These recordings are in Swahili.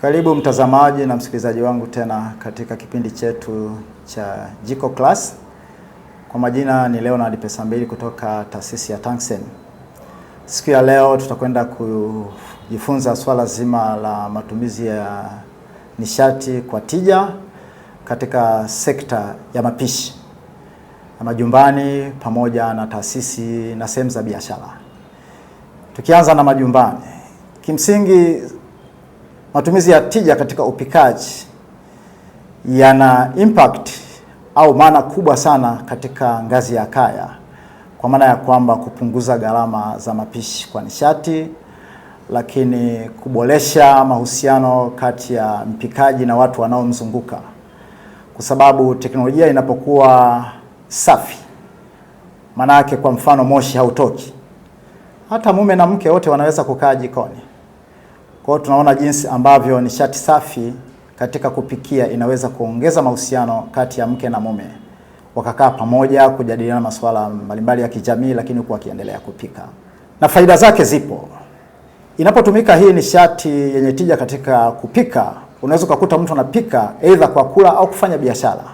Karibu mtazamaji na msikilizaji wangu tena katika kipindi chetu cha Jiko Class. Kwa majina ni Leonard Mbili kutoka taasisi ya Tangsen. Siku ya leo tutakwenda kujifunza swala zima la matumizi ya nishati kwa tija katika sekta ya mapishi majumbani pamoja na taasisi na sehemu za biashara. Tukianza na majumbani, kimsingi matumizi ya tija katika upikaji yana impact au maana kubwa sana katika ngazi ya kaya, kwa maana ya kwamba kupunguza gharama za mapishi kwa nishati, lakini kuboresha mahusiano kati ya mpikaji na watu wanaomzunguka, kwa sababu teknolojia inapokuwa safi, maana yake, kwa mfano moshi hautoki. Hata mume na mke wote wanaweza kukaa jikoni kwa hiyo tunaona jinsi ambavyo nishati safi katika kupikia inaweza kuongeza mahusiano kati ya mke na mume, wakakaa pamoja kujadiliana masuala mbalimbali ya kijamii, lakini huku wakiendelea kupika. Na faida zake zipo. Inapotumika hii nishati yenye tija katika kupika, unaweza ukakuta mtu anapika aidha kwa kula au kufanya biashara.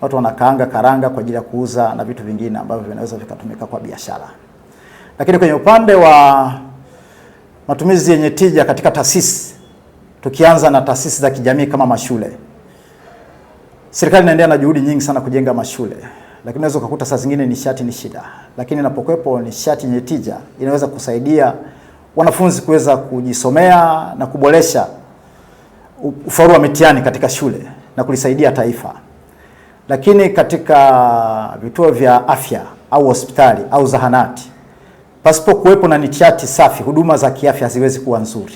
Watu wanakaanga karanga kwa ajili ya kuuza na vitu vingine ambavyo vinaweza vikatumika kwa biashara, lakini kwenye upande wa matumizi yenye tija katika taasisi, tukianza na taasisi za kijamii kama mashule. Serikali inaendelea na juhudi nyingi sana kujenga mashule, lakini unaweza ukakuta saa zingine nishati ni shida, lakini inapokuwepo nishati yenye tija inaweza kusaidia wanafunzi kuweza kujisomea na kuboresha ufaulu wa mitihani katika shule na kulisaidia taifa. Lakini katika vituo vya afya au hospitali au zahanati Pasipo kuwepo na nishati safi, huduma za kiafya haziwezi kuwa nzuri.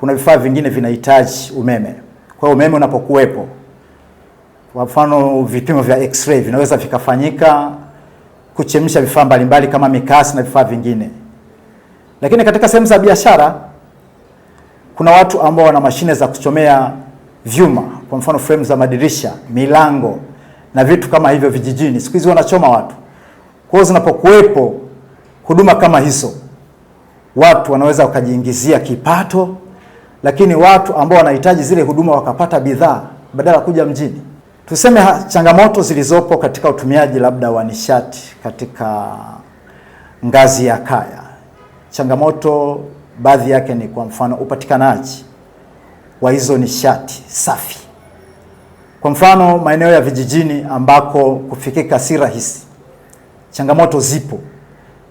Kuna vifaa vingine vinahitaji umeme, kwa hiyo umeme unapokuwepo, kwa mfano vipimo vya x-ray vinaweza vikafanyika, kuchemsha vifaa mbalimbali kama mikasi na vifaa vingine. Lakini katika sehemu za biashara kuna watu ambao wana mashine za kuchomea vyuma, kwa mfano frame za madirisha, milango na vitu kama hivyo. Vijijini siku hizi wanachoma watu, kwa hiyo zinapokuwepo huduma kama hizo, watu wanaweza wakajiingizia kipato, lakini watu ambao wanahitaji zile huduma wakapata bidhaa badala kuja mjini. Tuseme ha, changamoto zilizopo katika utumiaji labda wa nishati katika ngazi ya kaya, changamoto baadhi yake ni kwa mfano upatikanaji wa hizo nishati safi. Kwa mfano maeneo ya vijijini ambako kufikika si rahisi, changamoto zipo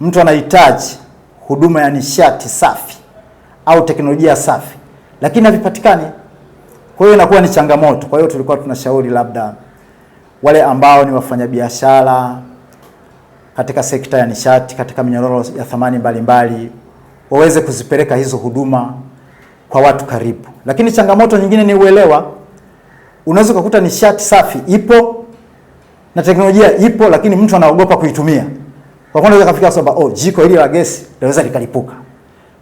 mtu anahitaji huduma ya nishati safi au teknolojia safi, lakini havipatikani. Kwa hiyo inakuwa ni changamoto. Kwa hiyo tulikuwa tunashauri labda wale ambao ni wafanyabiashara katika sekta ya nishati, katika minyororo ya thamani mbalimbali, waweze kuzipeleka hizo huduma kwa watu karibu. Lakini changamoto nyingine ni uelewa. Unaweza ukakuta nishati safi ipo na teknolojia ipo, lakini mtu anaogopa kuitumia. Kwa kwa unaweza kufikiria kwamba oh, jiko hili la gesi linaweza likalipuka.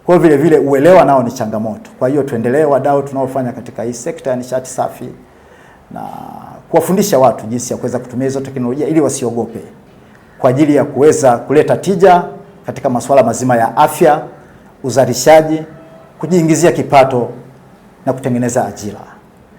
Kwa vile vile uelewa nao ni changamoto. Kwa hiyo tuendelee, wadau tunaofanya katika hii sekta ya nishati safi na kuwafundisha watu jinsi ya kuweza kutumia hizo teknolojia ili wasiogope kwa ajili ya kuweza kuleta tija katika masuala mazima ya afya, uzalishaji, kujiingizia kipato na kutengeneza ajira.